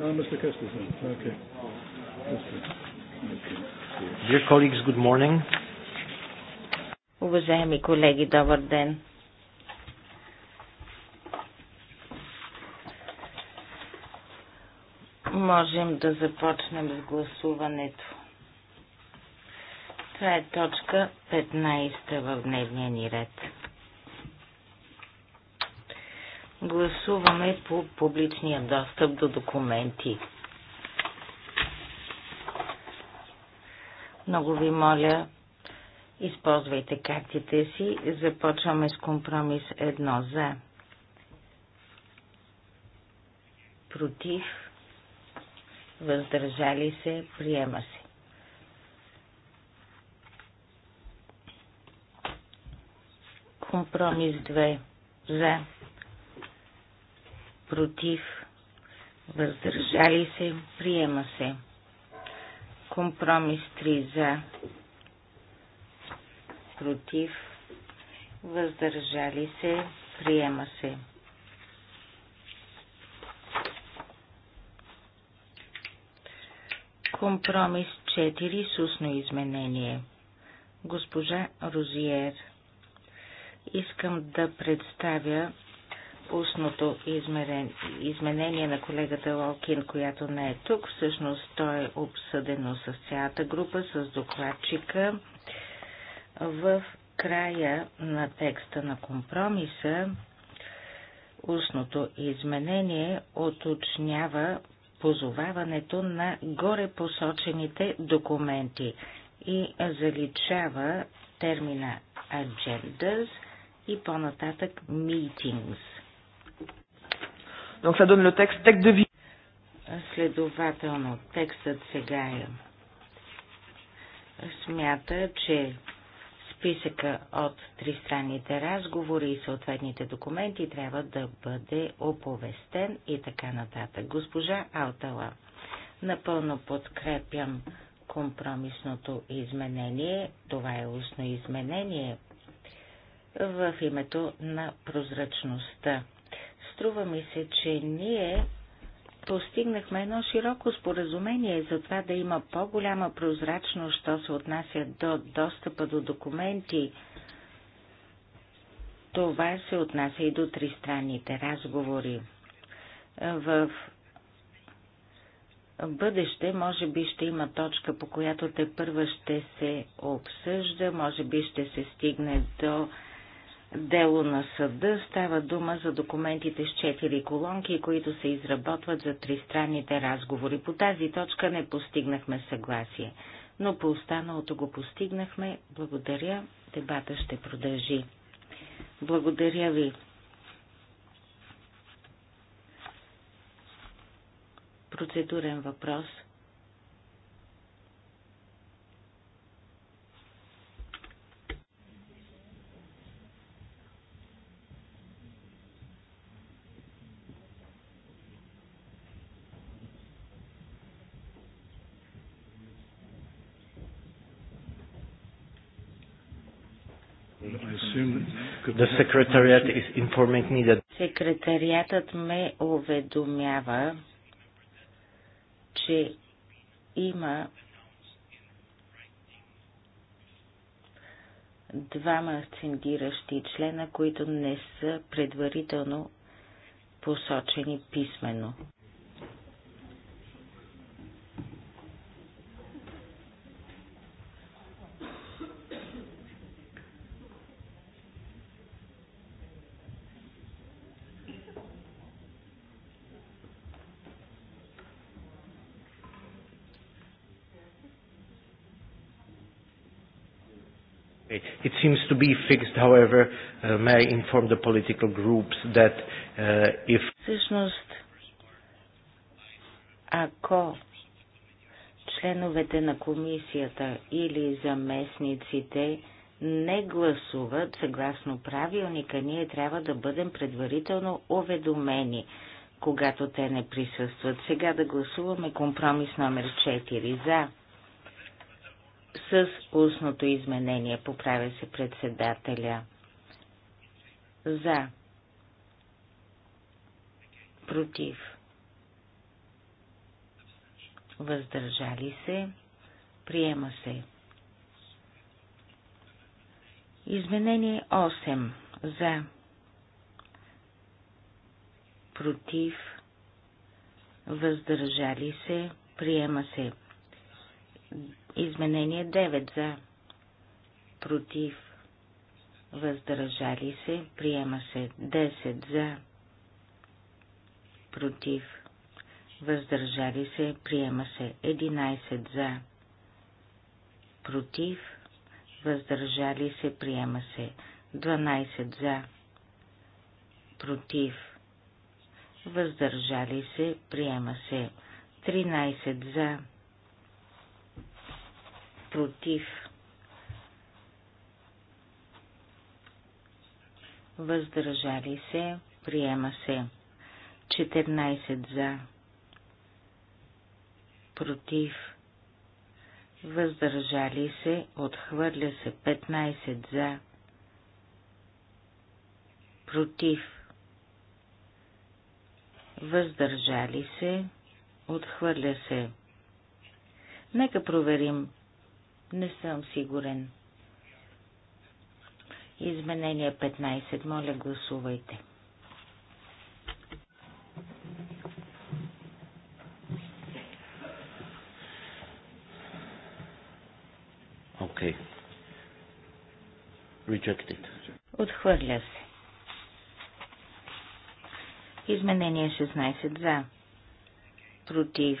Uh, Mr. Christensen. Okay. Dear colleagues, good morning. Уважаеми колеги, добър ден. Можем да започнем с гласуването. Това е точка 15 в дневния ни ред. Гласуваме по публичния достъп до документи. Много ви моля, използвайте картите си. Започваме с компромис 1 за. Против. Въздържали се. Приема се. Компромис 2 за против, въздържали се, приема се. Компромис 3 за, против, въздържали се, приема се. Компромис 4 с устно изменение. Госпожа Розиер, искам да представя устното изменение, изменение на колегата Локин, която не е тук. Всъщност то е обсъдено с цялата група, с докладчика. В края на текста на компромиса устното изменение оточнява позоваването на горе посочените документи и заличава термина agendas и по-нататък meetings. Donc ça donne le texte texte de vie. Следователно, текстът сега е. Смята, че списъка от тристранните разговори и съответните документи трябва да бъде оповестен и така нататък. Госпожа Алтала, напълно подкрепям компромисното изменение. Това е устно изменение в името на прозрачността. Струва ми се, че ние постигнахме едно широко споразумение за това да има по-голяма прозрачност, що се отнася до достъпа до документи. Това се отнася и до тристранните разговори. В бъдеще може би ще има точка, по която те първа ще се обсъжда, може би ще се стигне до дело на съда става дума за документите с четири колонки, които се изработват за тристранните разговори. По тази точка не постигнахме съгласие, но по останалото го постигнахме. Благодаря. Дебата ще продължи. Благодаря ви. Процедурен въпрос – That... Секретариатът ме уведомява, че има двама асцендиращи члена, които не са предварително посочени писменно. It seems to be fixed, however, uh, may I inform the political groups that uh, if... Всъщност, ако членовете на комисията или заместниците не гласуват съгласно правилника, ние трябва да бъдем предварително уведомени, когато те не присъстват. Сега да гласуваме компромис номер 4 за с устното изменение, поправя се председателя. За. Против. Въздържали се. Приема се. Изменение 8. За. Против. Въздържали се. Приема се. Изменение 9 за. Против. Въздържали се. Приема се. 10 за. Против. Въздържали се. Приема се. 11 за. Против. Въздържали се. Приема се. 12 за. Против. Въздържали се. Приема се. 13 за против, въздържали се, приема се 14 за, против, въздържали се, отхвърля се 15 за, против, въздържали се, отхвърля се. Нека проверим не съм сигурен. Изменение 15. Моля, гласувайте. Окей. Okay. Rejected. Отхвърля се. Изменение 16 за. Против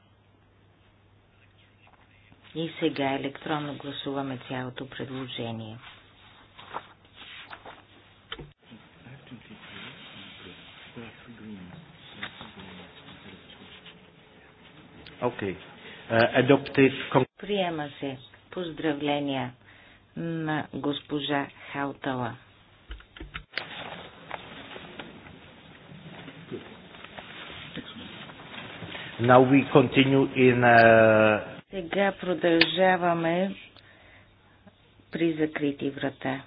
и сега електронно гласуваме цялото предложение. Okay. Uh, adoptive... Приема се. Поздравления на госпожа Хаутала. Now we continue in uh, сега продължаваме при закрити врата.